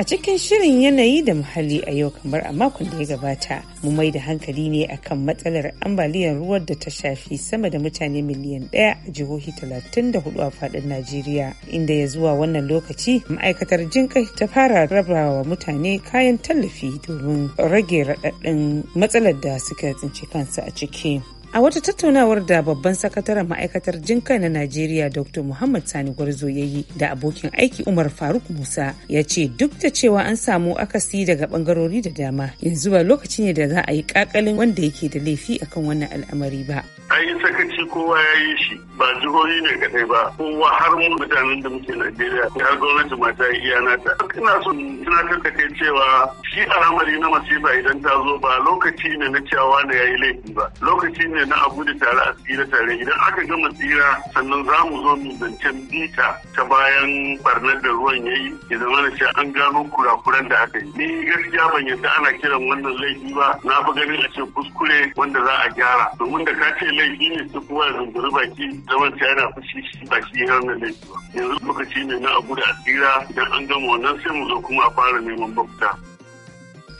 A cikin shirin yanayi da muhalli a yau kamar a makon da ya gabata, mu mai da hankali ne akan matsalar ambaliyar ruwan da ta shafi sama da mutane miliyan ɗaya a jihohi 34 a fadin Najeriya, inda ya zuwa wannan lokaci ma'aikatar jinkai ta fara rabawa mutane kayan tallafi domin rage raɗaɗin matsalar da suka tsinci kansu a ciki. A wata tattaunawar da babban sakataren ma'aikatar jinka na Najeriya Dr. Muhammad Sani Gwarzo ya yi da abokin aiki Umar Faruk Musa ya ce duk da cewa an samu akasi daga bangarori da dama yanzu ba lokaci ne da za a yi kakalin wanda yake da laifi akan wannan al'amari ba. yi sakaci kowa ya yi shi ba jihohi ne kadai ba kowa har mu mutanen da muke Najeriya har gwamnati ma ta yi iya nata ina so tunatar da kai cewa shi al'amari na masifa idan ta zo ba lokaci ne na cewa ya yayi laifi ba lokaci ne na abu da tare a tsira tare idan aka gama tsira sannan za mu zo mu zancen bita ta bayan barnar da ruwan yayi ya zama na cewa an gano kurakuran da aka yi ni gaskiya ban yadda ana kiran wannan laifi ba na fi ganin a ce kuskure wanda za a gyara domin da ka ce laifi ne su kuma zunguri baki zaman ta yana fushi shi ba shi ya wannan laifi yanzu lokaci ne na abu da asira idan an gama wannan sai mu zo kuma a fara neman bauta.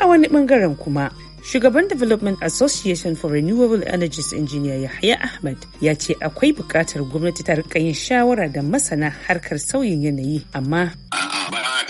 a wani bangaren kuma Shugaban Development Association for Renewable Energies Engineer Yahya Ahmad ya ce akwai buƙatar gwamnati ta rika yin shawara da masana harkar sauyin yanayi amma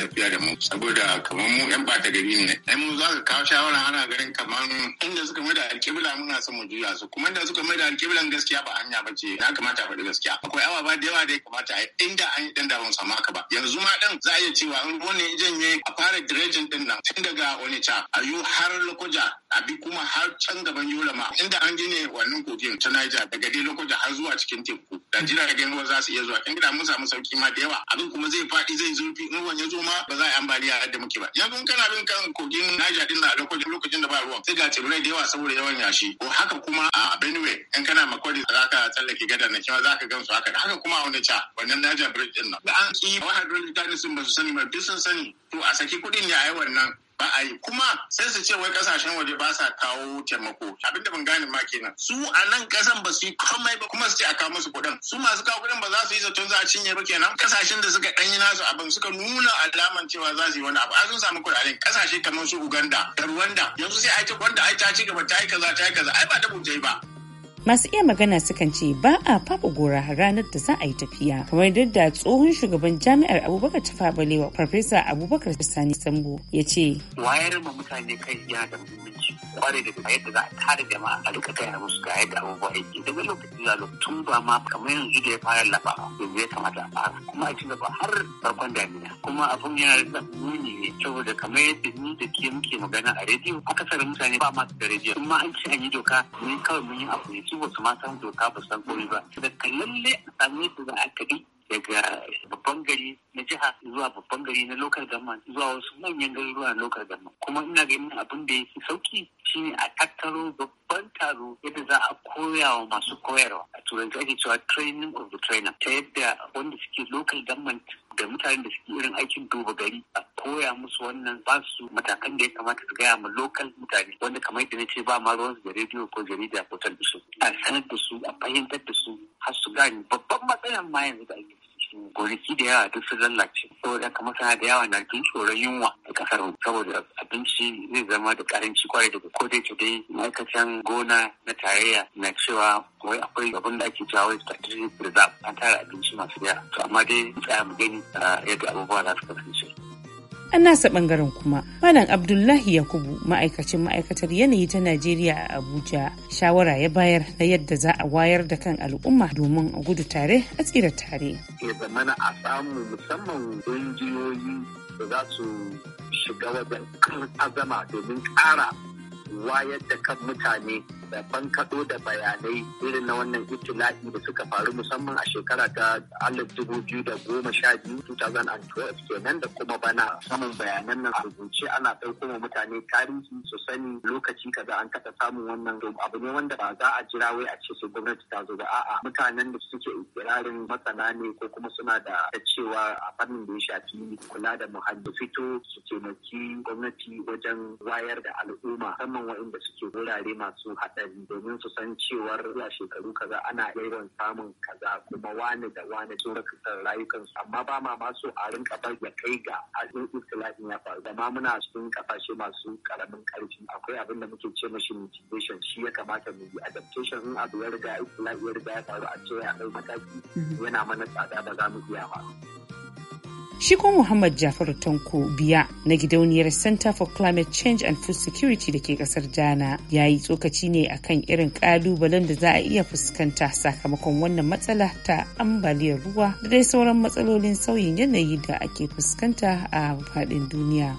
tafiya da mu saboda kamar mu yan bata gari ne ai mu za ka kawo shawara ana ganin kamar inda suka mai da alƙibla muna son mu juya su kuma inda suka mai da alƙiblan gaskiya ba hanya ba ce na kamata faɗi gaskiya akwai awa ba da yawa da ya kamata a inda an yi ɗan ban samu haka ba yanzu ma dan za a iya cewa in ruwan ne janye a fara direjin ɗin nan tun daga onitsha a yi har lokoja Abi kuma har can gaban yola ma inda an gina wannan kogin ta Niger daga dai lokacin har zuwa cikin teku da jiragen ruwa za su iya zuwa in gina mun samu sauki ma da yawa abin kuma zai faɗi zai zurfi in ruwan ya zo ma ba za a yi ambaliya yadda muke ba yanzu kana bin kan kogin Niger din a lokacin lokacin da ba ruwa sai ga tsibirai da yawa saboda yawan yashi ko haka kuma a Benue in kana makwari za ka tsallake gadan nan kima za ka gan su haka haka kuma a wani ca wannan Niger bridge din nan an ki litani sun ba su sani ba bisan sani to a saki kuɗin ne a wannan ba a yi kuma sai su ce wai kasashen waje ba sa kawo taimako abin da ban gane ma kenan su a nan kasan ba su yi komai ba kuma su ce a kawo musu kuɗin su masu kawo kuɗin ba za su yi zaton za a cinye ba kenan kasashen da suka ɗanyi nasu abin suka nuna alaman cewa za su yi wani abu a sun samu kuɗaɗen kasashe kamar su Uganda da Rwanda yanzu sai a yi ta wanda a yi ta ci gaba ta yi kaza ta yi kaza ai ba da ba. masu iya magana sukan ce ba a fafa gora ranar da za a yi tafiya kamar da tsohon shugaban jami'ar abubakar ta fabalewa farfesa abubakar sani sambo ya ce wayar ma mutane kai yana da muhimmanci kwarai da yadda za a tare jama'a a rika kai musu ga yadda abubuwa yake daga lokaci tun ba ma kamar yanzu da ya fara laba yanzu ya kamata a fara kuma a ci gaba har farkon damina kuma abun yana da muni ne saboda kamar yadda ni da ke muke magana a rediyo akasarin mutane ba su da rediyo kuma an ci an yi doka ne kawai mun yi abu ne su ba su ma san doka ba san komai ba da kallon a sami su za a kaɗi daga babban gari na jiha zuwa babban gari na lokal government zuwa wasu manyan garuruwa na local government kuma ina ga yin abin da yake sauki shine a tattaro babban taro yadda za a koya wa masu koyarwa a turanci ake cewa training of the trainer ta yadda wanda suke lokal government da mutanen da suke irin aikin duba gari a koya musu wannan ba su matakan da ya kamata su gaya ma lokal mutane wanda kamar yadda na ce ba ma ruwansu da rediyo ko jarida ko talbisu a sanar da su a fahimtar da su har su gane babban matsalan ma yanzu da ake su gonaki da yawa duk su lallace saboda haka masana da yawa na jin tsoron yunwa da kasar saboda abinci zai zama da karanci kwarai daga ko dai dai ma'aikatan gona na tarayya na cewa wai akwai abin da ake cewa wai strategic reserve an tara abinci masu yawa to amma dai tsaya mu gani ah, yadda abubuwa za su kasance An nasa bangaren kuma, Malam Abdullahi Yakubu ma'aikacin ma'aikatar yanayi ta Najeriya a Abuja shawara ya bayar na yadda za a wayar da kan al'umma domin a gudu tare a tsira tare. Ya a samu musamman ƙungiyoyi da za su shiga wajen azama domin ƙara wayar da kan mutane da bankaɗo da bayanai irin na wannan itila'i da suka faru musamman a shekara ta alif dubu biyu da goma sha biyu 2012 kenan da kuma bana samun bayanan nan a rubuce ana ɗauko ma mutane tarihi su sani lokaci kaza an taɓa samun wannan abu ne wanda ba za a jira wai a ce su gwamnati ta zo ba a'a mutanen da suke ikirarin masana ne ko kuma suna da cewa a fannin da ya shafi kula da muhalli fito su taimaki gwamnati wajen wayar da al'umma musamman waɗanda suke wurare masu haɗari domin su san cewar zuwa shekaru kaza ana irin samun kaza kuma wani da wani sun rikisar rayukansu amma ba ma masu a rinka bar ya kai ga azin istilafin ya faru da ma muna cikin kafashe masu karamin karfi akwai abin da muke ce mashi mitigation shi ya kamata mu yi adaptation in abu ya riga ya riga ya faru a ce ya kai mataki mhm. yana mana tsada ba za mu iya ba. Shi kuma Muhammad Jafaru Tanko biya na gidauniyar Center for Climate Change and Food Security da ke kasar Ghana ya yi tsokaci ne akan irin kalubalen da za a iya fuskanta sakamakon wannan matsala ta ambaliyar ruwa da dai sauran matsalolin sauyin yanayi da ake fuskanta a faɗin duniya.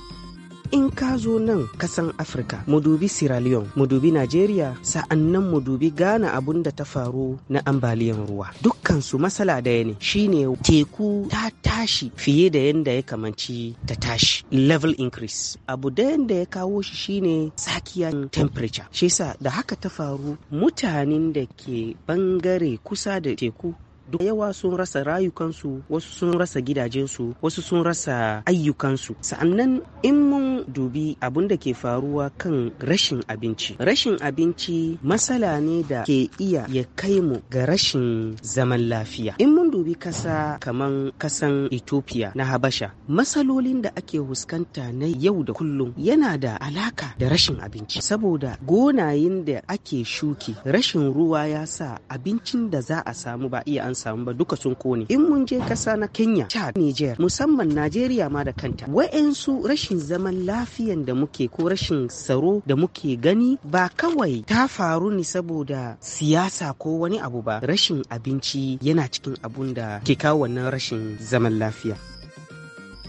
in ka zo nan kasan afirka mu dubi sierra leone mu dubi nigeria sa'annan mu dubi ghana abun da ta faru na ambaliyan ruwa dukkansu matsala daya ne shine teku ta tashi fiye da yadda ya kamanci ta tashi level increase abu da yadda ya kawo shi shine tsakiyan temperature shi yasa da haka ta faru mutanen da ke bangare kusa da teku duk yawa sun rasa rayukansu wasu sun rasa gidajensu wasu sun rasa ayyukansu sa'annan in mun dubi abin da ke faruwa kan rashin abinci rashin abinci matsala ne da ke iya ya kai mu ga rashin zaman lafiya in mun dubi kasa kaman kasan ethiopia na habasha matsalolin da ake huskanta na yau da kullum yana da alaka da rashin abinci saboda gonayen da ake shuki rashin ruwa ya sa abincin da za a samu ba iya an samu ba duka sun kone in mun je kasa na kenya chad niger musamman najeriya ma da kanta wa'ensu rashin zaman lafiyan da muke ko rashin tsaro da muke gani ba kawai ta faru ne saboda siyasa ko wani abu ba rashin abinci yana cikin abun da ke kawo wannan rashin zaman lafiya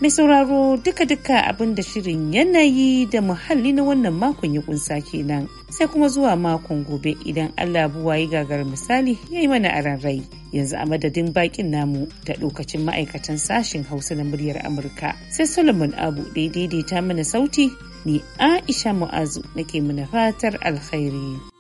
Mai sauraro duka-duka abin da shirin yanayi da muhalli na wannan makon ya kunsa kenan. Sai kuma zuwa makon gobe idan Allah buwa yi gagar misali ya yi mana a rai. Yanzu a madadin bakin namu da lokacin ma'aikatan sashen Hausa na muryar Amurka. Sai Solomon Abu daidaita mana sauti ni Aisha Mu'azu nake mana fatar alkhairi.